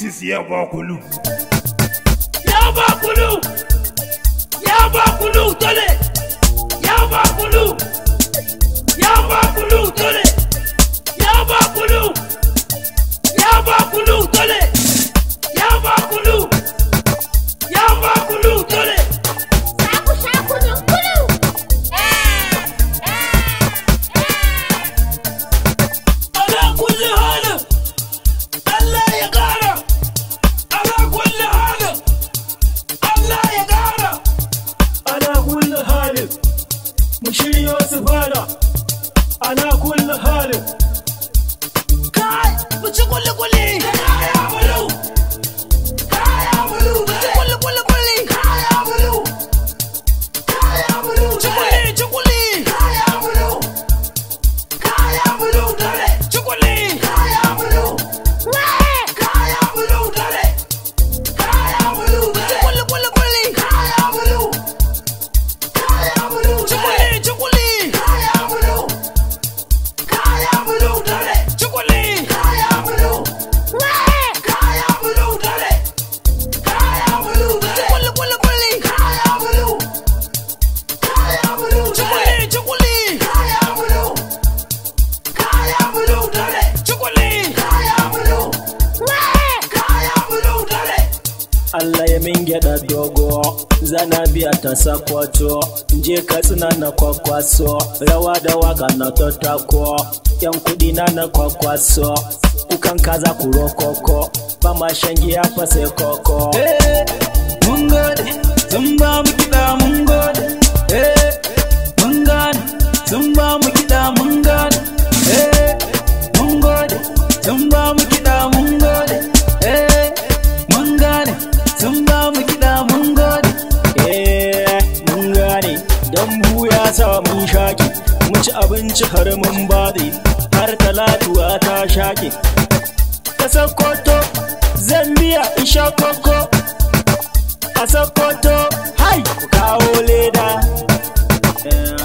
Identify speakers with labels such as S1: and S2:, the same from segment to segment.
S1: sisi ya bakulu
S2: ya bakulu ya bakulu tole
S1: mingi da dogo zana biya je katsina na kwakwaso rawa da waka na yan kudi na kwakwaso kukan kaza kuro koko ba shangi ya fase
S2: koko hey, eh, eh, hey,
S1: abinci har mun bari har talatuwa ta shaƙe ta sokoto zambiya isha koko a sokoto hai kawo leda eh,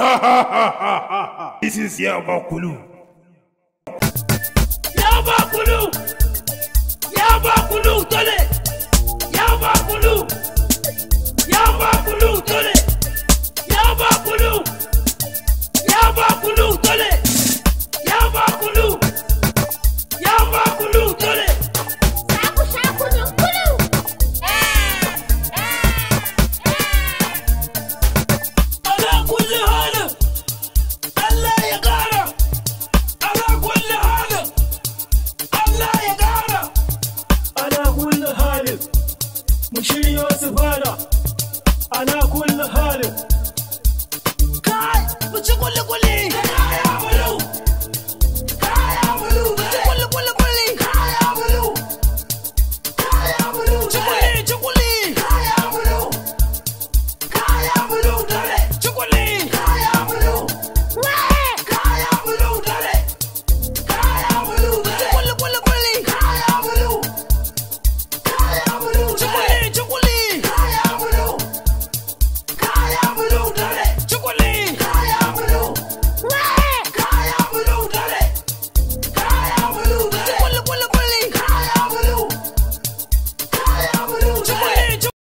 S1: This is Yaba Kulu.
S2: Yaba Kulu! Yaba Kulu, Tole! Yaba Kulu! Yaba Kulu, Tole!
S1: hali
S3: kai mu ci kuli kuli